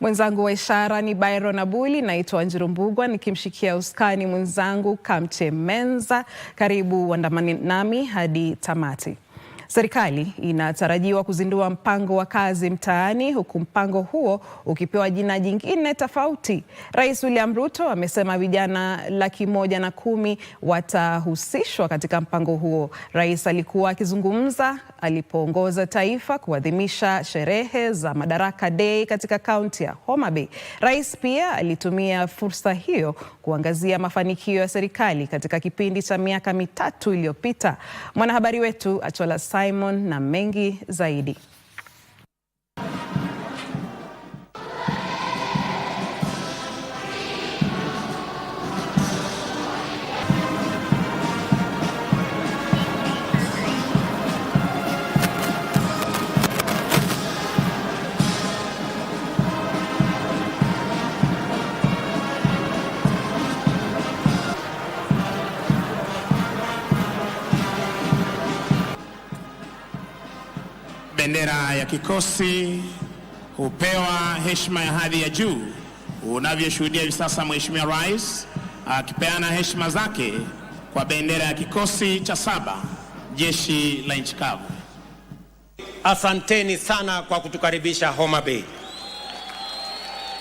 Mwenzangu wa ishara ni Byron Abuli, naitwa Njiru Mbugwa nikimshikia uskani mwenzangu Kamche Menza. Karibu uandamane nami hadi tamati. Serikali inatarajiwa kuzindua mpango wa kazi mtaani huku mpango huo ukipewa jina jingine tofauti. Rais William Ruto amesema vijana laki moja na kumi watahusishwa katika mpango huo. Rais alikuwa akizungumza alipoongoza taifa kuadhimisha sherehe za Madaraka Day katika kaunti ya Homa Bay. Rais pia alitumia fursa hiyo kuangazia mafanikio ya serikali katika kipindi cha miaka mitatu iliyopita. Mwanahabari wetu Achola Simon na mengi zaidi. Bendera ya kikosi hupewa heshima ya hadhi ya juu, unavyoshuhudia hivi sasa Mheshimiwa Rais akipeana heshima zake kwa bendera ya kikosi cha saba jeshi la nchi kavu. Asanteni sana kwa kutukaribisha Homa Bay.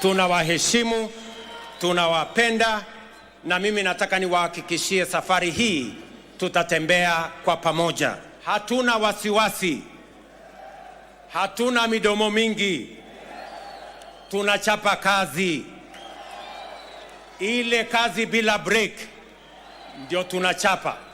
Tunawaheshimu, tunawapenda, na mimi nataka niwahakikishie safari hii tutatembea kwa pamoja, hatuna wasiwasi. Hatuna midomo mingi, tunachapa kazi. Ile kazi bila break ndio tunachapa.